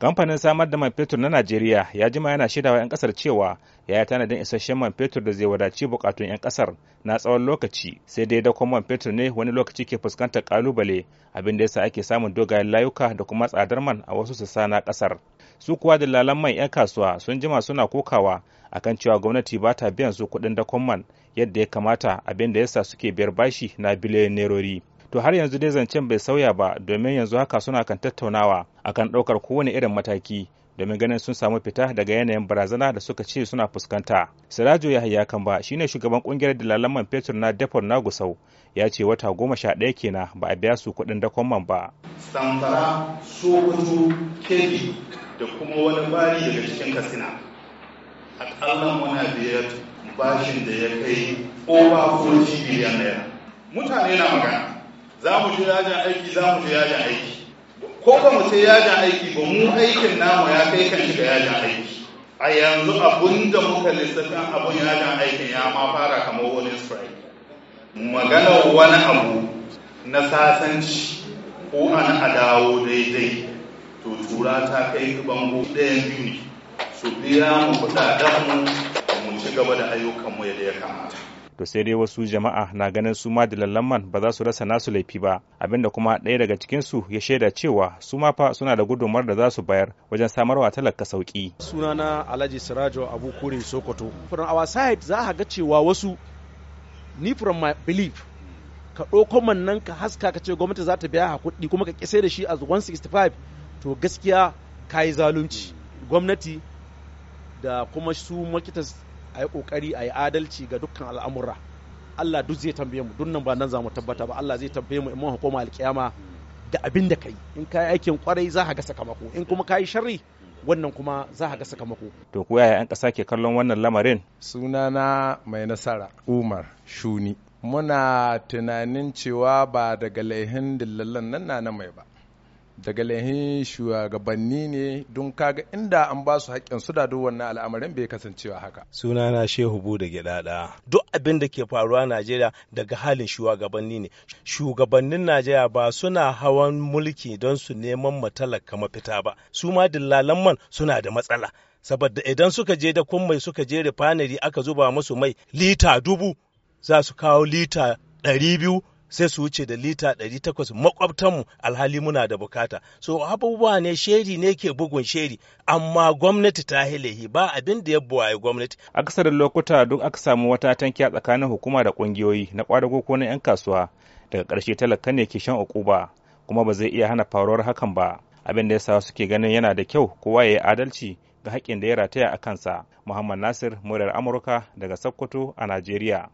kamfanin samar da man fetur na najeriya ya jima yana shaidawa 'yan kasar cewa ya yi tanadin isasshen man fetur da zai wadaci bukatun 'yan kasar na tsawon lokaci sai dai dakon man fetur ne wani lokaci ke fuskantar kalubale abin da yasa ake samun dogayen layuka da kuma tsadar man a wasu sassa na kasar su kuwa da dillalan man 'yan kasuwa sun jima suna kokawa a kan cewa gwamnati ba ta biyan su kuɗin dakon man yadda ya kamata abin da yasa suke biyar bashi na biliyan nerori to har yanzu dai zancen bai sauya ba domin yanzu haka suna kan tattaunawa akan ɗaukar kowane irin mataki domin ganin sun samu fita daga yanayin barazana da suka ce suna fuskanta. Sirajo Yahaya ba shine shugaban kungiyar dalalan man fetur na Depot na Gusau ya ce wata goma sha ɗaya kenan ba a biya su kuɗin dakon man ba. Samfara, Sokoto, Kebbi da kuma wani bari daga cikin Katsina. biyar bashin da ya kai over 40 biliyan naira. Mutane na magana za mu shi yajin aiki za mu shi yajin aiki ko ba mu sai yajin aiki ba mu aikin namu ya kai kan shiga yajin aiki a yanzu abun da muka lissafin abun yajin aikin ya ma fara kamar wani strike maganar wani abu na sasanci ko an adawo daidai to tura ta kai bango ɗayan biyu ne su biya mu kuɗaɗenmu mu ci gaba da ayyukanmu yadda ya kamata to sai dai wasu jama'a na ganin su ma dilallan ba za su rasa nasu laifi ba abinda kuma ɗaya daga cikin su ya shaida cewa su ma fa suna da gudunmawar da za su bayar wajen samarwa talaka sauki sunana Alhaji Sirajo Abu Kure Sokoto from our side za ka ga cewa wasu ni from my belief ka ɗauko man nan ka haska ka ce gwamnati za ta biya kuɗi kuma ka kise da shi a 165 to gaskiya ka yi zalunci gwamnati da kuma su makitas a yi ƙoƙari a adalci ga dukkan al'amura Allah duk zai tambaye mu dunnan ba nan za mu tabbata ba Allah zai tambaye mu in mun hukuma alƙiyama da abin da kai in kai aikin kwarai za ka ga sakamako in kuma ka sharri wannan kuma za ka ga sakamako to ko yaya an ƙasa ke kallon wannan lamarin sunana mai nasara Umar Shuni muna tunanin cewa ba daga laihin dillallan nan na mai ba daga lahin shugabanni ne don kaga inda an ba su su da duk wannan al'amarin bai kasancewa haka Suna na shehu bude da duk abin da ke faruwa Najeriya daga halin shugabanni ne shugabannin Najeriya ba suna hawan mulki don su neman matalaka mafita ba su ma dillalan man suna da matsala saboda idan suka je da kun mai suka je refinery aka zuba musu mai lita dubu za su kawo lita ɗari biyu sai su wuce da lita ɗari 800 makwabtanmu alhali muna da bukata so abubuwa ne sheri ne ke bugun sheri amma gwamnati ta hilehi ba abin da ya buwaye gwamnati akasarin lokuta duk aka samu wata a tsakanin hukuma da ƙungiyoyi na kwadago ko na 'yan kasuwa daga ƙarshe talaka ne ke shan ukuba kuma ba zai iya hana faruwar hakan ba abin da ya yasa suke ganin yana da kyau kowa ya yi adalci ga haƙƙin da ya rataya a kansa muhammad nasir muryar amurka daga sokoto a najeriya